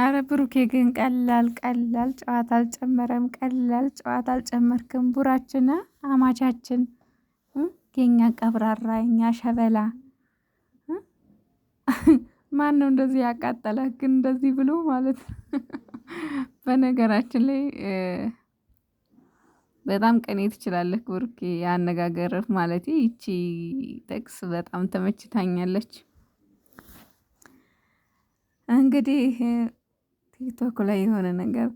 አረ ብሩኬ ግን ቀላል ቀላል ጨዋታ አልጨመረም። ቀላል ጨዋታ አልጨመርክም። ቡራችን አማቻችን፣ የኛ ቀብራራ፣ የኛ ሸበላ ማን ነው እንደዚህ ያቃጠለ ግን እንደዚህ ብሎ ማለት ነው። በነገራችን ላይ በጣም ቀኔ ትችላለህ ብሩኬ፣ የአነጋገር ማለት ይቺ ጥቅስ በጣም ተመችታኛለች እንግዲህ ቲክቶክ ላይ የሆነ ነገር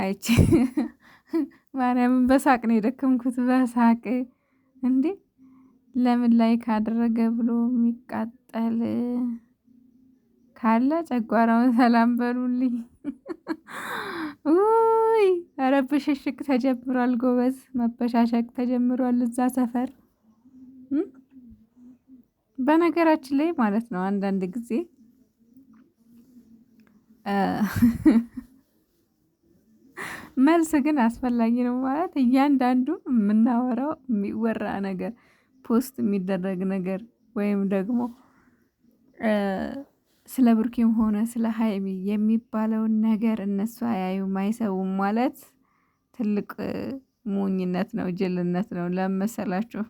አይቼ ማርያምን በሳቅ ነው የደከምኩት። በሳቅ እንዴ ለምን ላይ ካደረገ ብሎ የሚቃጠል ካለ ጨጓራውን ሰላም በሉልኝ። ውይ ኧረ ብሽሽቅ ተጀምሯል፣ ጎበዝ መበሻሸቅ ተጀምሯል እዛ ሰፈር። በነገራችን ላይ ማለት ነው አንዳንድ ጊዜ መልስ ግን አስፈላጊ ነው ማለት እያንዳንዱ የምናወራው የሚወራ ነገር ፖስት የሚደረግ ነገር ወይም ደግሞ ስለ ብሩኬም ሆነ ስለ ሀይሚ የሚባለውን ነገር እነሱ አያዩም አይሰቡም ማለት ትልቅ ሞኝነት ነው፣ ጅልነት ነው ለመሰላችሁ።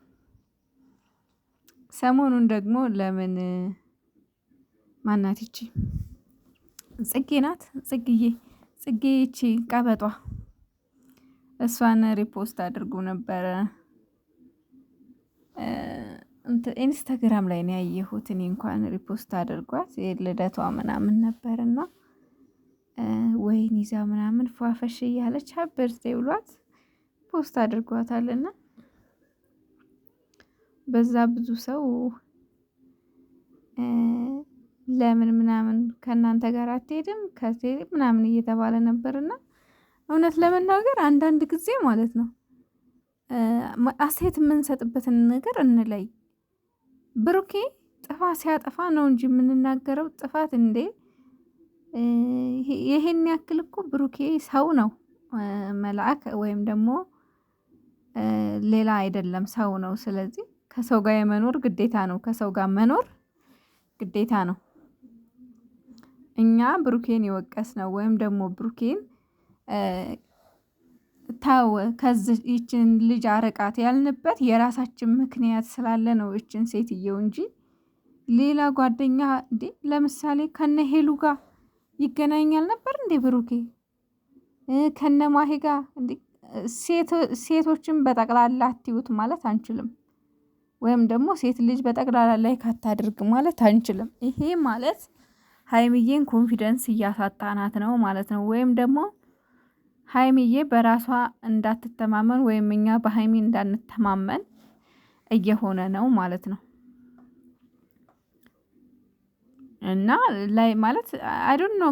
ሰሞኑን ደግሞ ለምን ማናት ይቺ ጽጌ ናት። ጽጌዬ ጽጌ ይቺ ቀበጧ እሷን ሪፖስት አድርጎ ነበረ። ኢንስታግራም ላይ ነው ያየሁት። እኔ እንኳን ሪፖስት አድርጓት ልደቷ ምናምን ነበርና ወይን ይዛ ምናምን ፏፈሽ እያለች ሀብርቴ ብሏት ፖስት አድርጓታልና በዛ ብዙ ሰው ለምን ምናምን ከእናንተ ጋር አትሄድም ከሴ ምናምን እየተባለ ነበርና እውነት ለመናገር አንዳንድ ጊዜ ማለት ነው አስተያየት የምንሰጥበትን ነገር እንለይ። ብሩኬ ጥፋት ሲያጠፋ ነው እንጂ የምንናገረው ጥፋት እንዴ ይሄን ያክል እኮ ብሩኬ ሰው ነው፣ መልአክ ወይም ደግሞ ሌላ አይደለም፣ ሰው ነው። ስለዚህ ከሰው ጋር የመኖር ግዴታ ነው፣ ከሰው ጋር መኖር ግዴታ ነው። እኛ ብሩኬን የወቀስ ነው ወይም ደግሞ ብሩኬን ታወ ከዚህ ይችን ልጅ አርቃት ያልንበት የራሳችን ምክንያት ስላለ ነው። ይችን ሴትየው እንጂ ሌላ ጓደኛ እንዴ ለምሳሌ ከነ ሄሉ ጋር ይገናኛል ነበር እንዴ ብሩኬ ከነ ማሄ ጋር ሴቶችን በጠቅላላ አትዩት ማለት አንችልም። ወይም ደግሞ ሴት ልጅ በጠቅላላ ላይ ካታድርግ ማለት አንችልም። ይሄ ማለት ሀይሚዬን ኮንፊደንስ እያሳጣናት ነው ማለት ነው። ወይም ደግሞ ሀይሚዬ በራሷ እንዳትተማመን ወይም እኛ በሀይሚ እንዳንተማመን እየሆነ ነው ማለት ነው። እና ላይ ማለት አይዶን ነው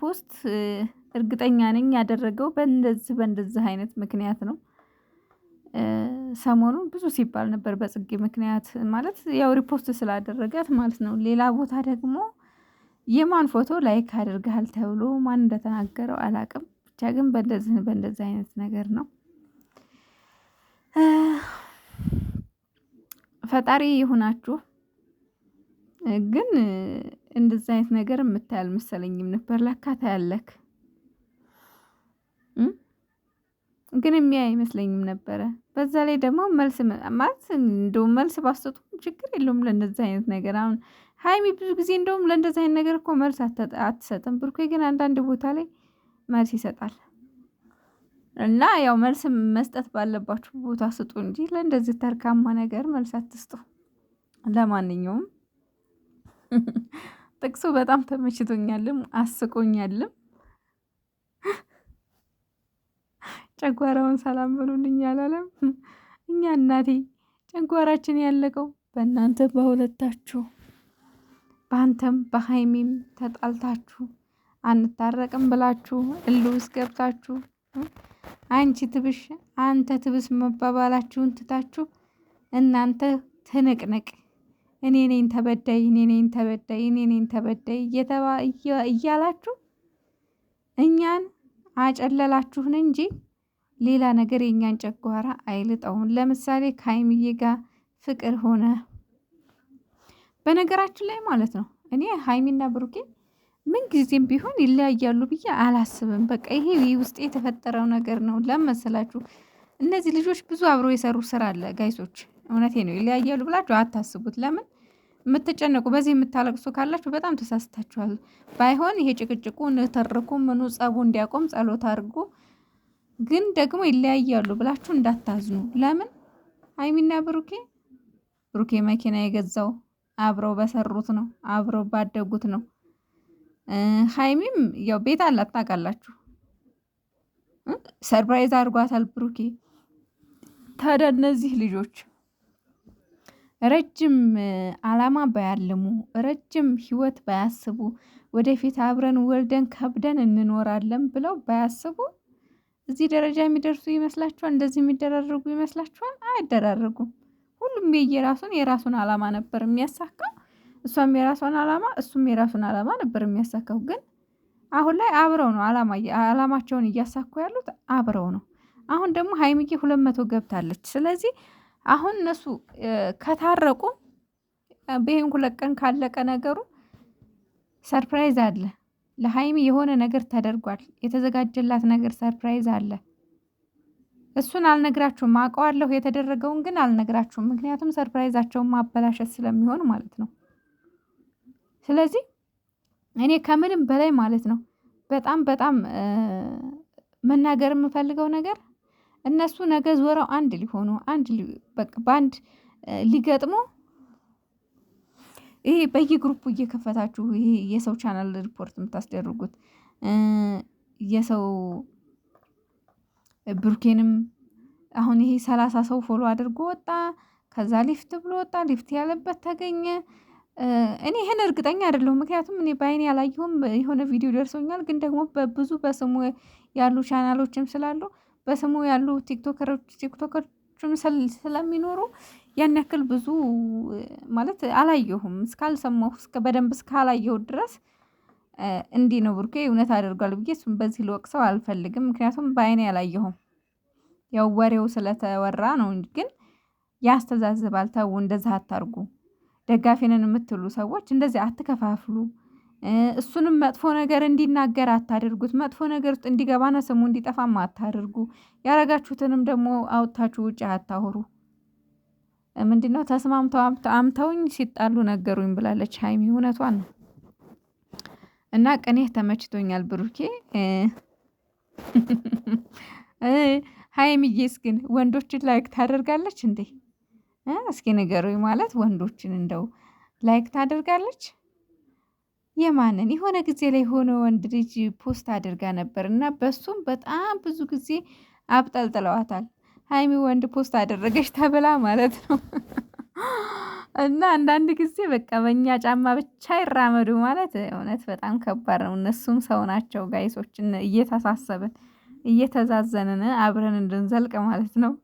ፖስት እርግጠኛ ነኝ ያደረገው በእንደዚህ በእንደዚህ አይነት ምክንያት ነው። ሰሞኑን ብዙ ሲባል ነበር በጽጌ ምክንያት ማለት ያው ሪፖርት ስላደረጋት ማለት ነው። ሌላ ቦታ ደግሞ የማን ፎቶ ላይክ አድርገሃል ተብሎ ማን እንደተናገረው አላውቅም። ብቻ ግን በእንደዚህ በእንደዚህ አይነት ነገር ነው። ፈጣሪ ይሁናችሁ። ግን እንደዚህ አይነት ነገር የምታይ አልመሰለኝም ነበር። ለካ ታያለክ ግን የሚያ አይመስለኝም ነበረ። በዛ ላይ ደግሞ መልስ ማለት እንደውም መልስ ባሰጡም ችግር የለውም ለእንደዚህ አይነት ነገር። አሁን ሀይሚ ብዙ ጊዜ እንደውም ለእንደዚህ አይነት ነገር እኮ መልስ አትሰጥም። ብሩኬ ግን አንዳንድ ቦታ ላይ መልስ ይሰጣል እና ያው መልስ መስጠት ባለባችሁ ቦታ ስጡ እንጂ ለእንደዚህ ተርካማ ነገር መልስ አትስጡ። ለማንኛውም ጥቅሱ በጣም ተመችቶኛልም አስቆኛልም። ጨጓራውን ሰላም ብሉልኝ አላለም። እኛ እናቴ ጨጓራችን ያለቀው በእናንተ በሁለታችሁ፣ በአንተም በሀይሚም ተጣልታችሁ አንታረቅም ብላችሁ እል ውስጥ ገብታችሁ አንቺ ትብሽ አንተ ትብስ መባባላችሁን ትታችሁ እናንተ ትንቅንቅ እኔ ነኝ ተበዳይ እኔ ነኝ ተበዳይ እኔ ነኝ ተበዳይ እያላችሁ እኛን አጨለላችሁን እንጂ ሌላ ነገር የእኛን ጨጓራ አይልጠውም። ለምሳሌ ከሀይምዬ ጋር ፍቅር ሆነ በነገራችን ላይ ማለት ነው እኔ ሀይሚና ብሩኬ ምን ጊዜም ቢሆን ይለያያሉ ብዬ አላስብም። በቃ ይሄ ውስጥ የተፈጠረው ነገር ነው። ለመሰላችሁ እነዚህ ልጆች ብዙ አብሮ የሰሩ ስራ አለ ጋይሶች፣ እውነቴ ነው። ይለያያሉ ብላችሁ አታስቡት። ለምን የምትጨነቁ በዚህ የምታለቅሱ ካላችሁ በጣም ተሳስታችኋል። ባይሆን ይሄ ጭቅጭቁ ንትርኩ ምኑ ጸቡ እንዲያቆም ጸሎት አድርጉ። ግን ደግሞ ይለያያሉ ብላችሁ እንዳታዝኑ። ለምን ሀይሚና ብሩኬ ብሩኬ መኪና የገዛው አብረው በሰሩት ነው፣ አብረው ባደጉት ነው። ሀይሚም ያው ቤት አላት ታውቃላችሁ። ሰርፕራይዝ አድርጓታል ብሩኬ። ታዲያ እነዚህ ልጆች ረጅም አላማ ባያልሙ ረጅም ህይወት ባያስቡ ወደፊት አብረን ወልደን ከብደን እንኖራለን ብለው ባያስቡ እዚህ ደረጃ የሚደርሱ ይመስላችኋል? እንደዚህ የሚደራረጉ ይመስላችኋል? አይደራረጉም። ሁሉም የየራሱን የራሱን ዓላማ ነበር የሚያሳካው። እሷም የራሷን አላማ፣ እሱም የራሱን ዓላማ ነበር የሚያሳካው። ግን አሁን ላይ አብረው ነው አላማቸውን እያሳኩ ያሉት አብረው ነው። አሁን ደግሞ ሀይሚዬ ሁለት መቶ ገብታለች። ስለዚህ አሁን እነሱ ከታረቁ በይህን ሁለት ቀን ካለቀ ነገሩ ሰርፕራይዝ አለ። ለሀይሚ የሆነ ነገር ተደርጓል። የተዘጋጀላት ነገር ሰርፕራይዝ አለ። እሱን አልነግራችሁም፣ አውቀዋለሁ። የተደረገውን ግን አልነግራችሁም፣ ምክንያቱም ሰርፕራይዛቸውን ማበላሸት ስለሚሆን ማለት ነው። ስለዚህ እኔ ከምንም በላይ ማለት ነው በጣም በጣም መናገር የምፈልገው ነገር እነሱ ነገ ዞረው አንድ ሊሆኑ አንድ በአንድ ሊገጥሙ ይሄ በየግሩፑ እየከፈታችሁ ይሄ የሰው ቻናል ሪፖርት የምታስደርጉት የሰው ብሩኬንም አሁን ይሄ ሰላሳ ሰው ፎሎ አድርጎ ወጣ፣ ከዛ ሊፍት ብሎ ወጣ፣ ሊፍት ያለበት ተገኘ። እኔ ይህን እርግጠኛ አይደለሁም፣ ምክንያቱም እኔ በአይኔ ያላየሁም የሆነ ቪዲዮ ደርሶኛል። ግን ደግሞ በብዙ በስሙ ያሉ ቻናሎችም ስላሉ በስሙ ያሉ ቲክቶከሮች ሌሎችም ስለሚኖሩ ያን ያክል ብዙ ማለት አላየሁም እስካልሰማሁ እስከ በደንብ እስካላየሁ ድረስ እንዲህ ነው ብሩኬ እውነት አድርጓል ብዬ እሱም በዚህ ልወቅሰው አልፈልግም። ምክንያቱም በአይኔ አላየሁም፣ ያው ወሬው ስለተወራ ነው። ግን ያስተዛዝባል። ተው እንደዚህ አታርጉ። ደጋፊንን የምትሉ ሰዎች እንደዚህ አትከፋፍሉ። እሱንም መጥፎ ነገር እንዲናገር አታደርጉት። መጥፎ ነገር ውስጥ እንዲገባና ስሙ እንዲጠፋም አታድርጉ። ያረጋችሁትንም ደግሞ አውጥታችሁ ውጭ አታውሩ። ምንድነው ተስማምተው አምተውኝ ሲጣሉ ነገሩኝ ብላለች ሀይሚ። እውነቷን ነው። እና ቅኔህ ተመችቶኛል ብሩኬ። ሀይሚዬስ ግን ወንዶችን ላይክ ታደርጋለች እንዴ? እስኪ ንገሩኝ። ማለት ወንዶችን እንደው ላይክ ታደርጋለች? የማንን የሆነ ጊዜ ላይ የሆነ ወንድ ልጅ ፖስት አድርጋ ነበር እና በሱም በጣም ብዙ ጊዜ አብጠልጥለዋታል። ሀይሚ ወንድ ፖስት አደረገች ተብላ ማለት ነው። እና አንዳንድ ጊዜ በቃ በእኛ ጫማ ብቻ ይራመዱ ማለት እውነት በጣም ከባድ ነው። እነሱም ሰው ናቸው። ጋይሶችን እየተሳሰብን እየተዛዘንን አብረን እንድንዘልቅ ማለት ነው።